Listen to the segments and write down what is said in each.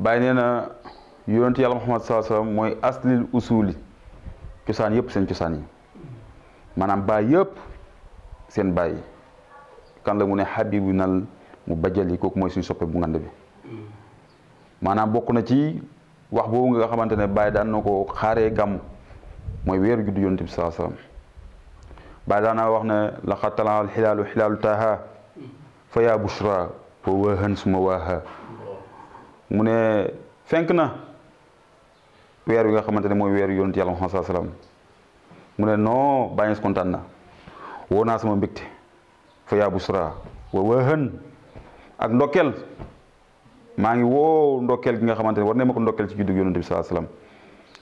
bàyyi nee na yonentu yàlla mooy aslil usuli cosaan yëpp seen cosaan yi maanaam baay yëpp seen baay kan la mu ne xabibu nal mu bajal yi kooku mooy suñu soppe bu ngand bi maanaam bokk na ci wax boobu nga xamante ne bàyyi daan na ko xaaree gàmm mooy weeru juddu yonent bi sallallahu alayhi wasallam bàyyi wax ne laqad talaal xilaalu xilaalu taaha fa yaa bushra wa waahan suma waaha mu ne fenk na weer wi nga xamante ne mooy weeru yonent yàlla Muhammad sallallahu mu ne non bàyyi na woo naa sama mbégte fa yaa busra wa wëhën ak ndokkeel maa ngi woo ndokkeel gi nga xamante ne war ne ci juddu yonent bi sallallahu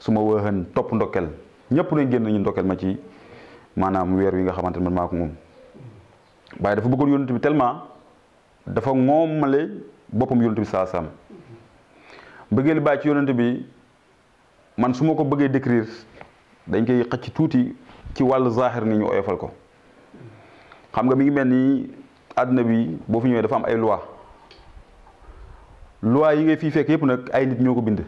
su ma wëhën topp ndokkeel ñëpp nañ génn nañu ndokkeel ma ci maanaam weer wi nga xamante ne man maa ko moom waaye dafa bëggoon yonent bi tellement dafa ngoomale boppam yonent bi sallallahu alayhi wasallam mbëggeelu baay ci yonent bi man su ma ko bëggee décrire dañ koy xëcc tuuti ci wàll zaaxir ni ñu oyofal ko xam nga mi ngi mel ni àdduna bi boo fi ñëwee dafa am ay loi loi yi ngay fii fekk yépp nag ay nit ñoo ko bind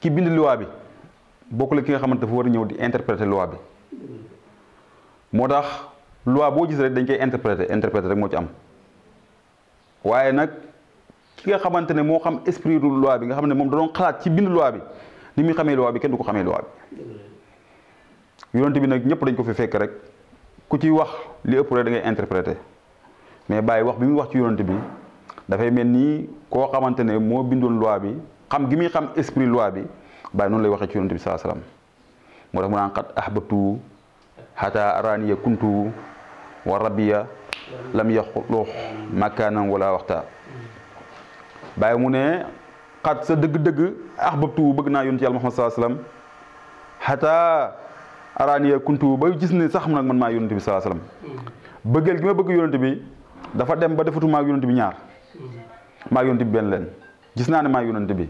ki bind luwaa bi bokku la ki nga xamante dafa war a ñëw di interpréter loi bi moo tax loi boo gis rek dañ koy interpréter interpréter rek moo ci am waaye nag ki nga xamante ne moo xam esprit du loi bi nga xam ne moom da doon xalaat ci bind loi bi ni muy xamee loi bi kenn du ko xamee loi bi nag ñëpp dañ ko fi fekk rek ku ci wax li ëpp rek da ngay mais bàyyi wax bi muy wax ci yonent bi dafay mel nii koo xamante ne moo bindoon loi bi xam gi muy xam esprit loi bi bàyyi noonu lay waxee ci yonent bi saa salaam moo tax mu naan xat ahbatu xataa araaniya kuntu wa lam yaxluq makaanan wala waxta bàyyi mu ne xat sa dëgg-dëgg ax ahbabtu bëgg naa yonent yàlla Muhammad sallallahu alayhi wasallam xataa araaniya kuntu ba gis ne sax nag man maa yonent bi sallallahu alayhi wasallam bëggeel bëgg yonent bi dafa dem ba defatu maa bi ñaar bi benn leen gis naa ne maa bi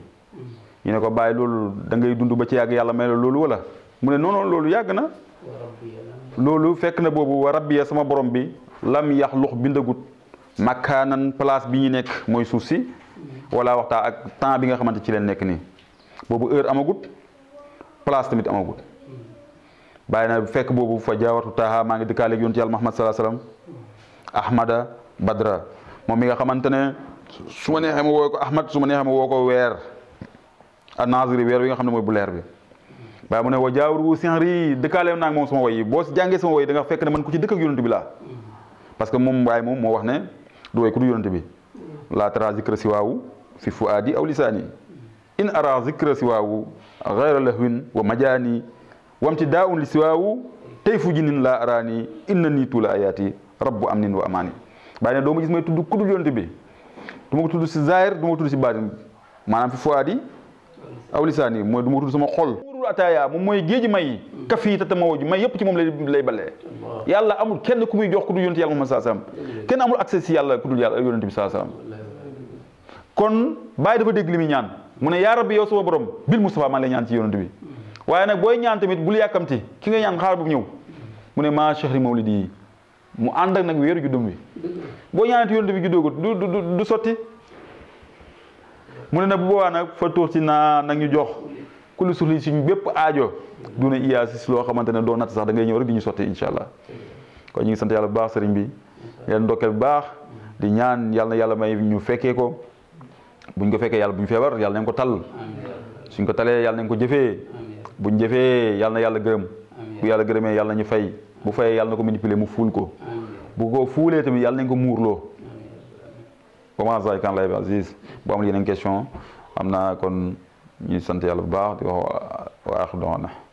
ñu ko bàyyi loolu da ngay dund ba ci yàgg yàlla may loolu wala mu ne non loolu yàgg na loolu fekk na boobu wa sama borom bi lam yaxluq bindagut makkaanan place bi ñu nekk mooy suuf si wala waxtaan ak temps bi nga xamante ci leen nekk nii boobu heure amagut place tamit amagut bàyyi na fekk boobu fa jaawartu taaha maa ngi dëkkaaleeg yonent yàlla Muhammad salaa salaam Ahmada Badra moom mi nga xamante ne su ma neexee ma woo ko Ahmad su ma neexee ma ko weer a naasiri weer wi nga xam ne mooy bu leer bi bàyyi mu ne wa jaawru sinri dëkkaaleem naa moom sama yi boo si jàngee sama woy da nga fekk ne man ku ci dëkk ak yonent bi laa parce que moom waaye moom moo wax ne du woy ku du bi la tara zikra siwaawu fi fuaadi aw lisaani in ara zikra siwaawu gayra lahwin wa majaani wamti daa un li siwaawu tey fu jinin laa araani inna nii tuula ayaati rabbu amnin wa amaani bàyyi ne doo ma may tudd ku dul bi du ma tudd si zaahir du ma ko tudd si baatin maanaam fi fuaadi aw lisaani mooy du ma ko tudd sama xol ataaya moom mooy géeji may kafi tata mawju may yëpp ci moom lay balee yàlla amul kenn ku muy jox ku dul yonent yàlla Muhammad saa salaam si yàlla ku kon bàyyi dafa dégg li muy ñaan mu ne yaa rabbi yow sama borom bil Mustafa maa lay ñaan ci yonent bi waaye nag booy ñaan tamit bul yàkkamti ki nga ñaan xaar bu ñëw mu ne maa chahri mawlidi yi mu ànd nag weeru juddum wi boo ñaan yonent bi juddoogut du sotti mu ne nag bu boobaa nag fa tuur naa nag ñu jox kulli suuf si suñ bépp aajo duna iyaa si loo xamante ne doo natt sax da ngay ñëw rek di ñu sotti incha allah kon ñu ngi sant yàlla bu baax sëriñ bi leen ndokkeel bu baax di ñaan yàlla na yàlla may ñu fekkee ko bu buñ ko fekkee yàlla buñ feebar yàlla nañ ko tal suñ ko talee yàlla nañ ko jëfee buñ jëfee yàlla na yàlla gërëm bu yàlla gërëmee yàlla ñu fay bu fayee yàlla na ko manipuler mu fuul ko bu ko fuulee tamit yàlla nañ ko muurloo comment ça kan lay Aziz question am naa kon ñu sante yàlla bu baax di wax waa axir doona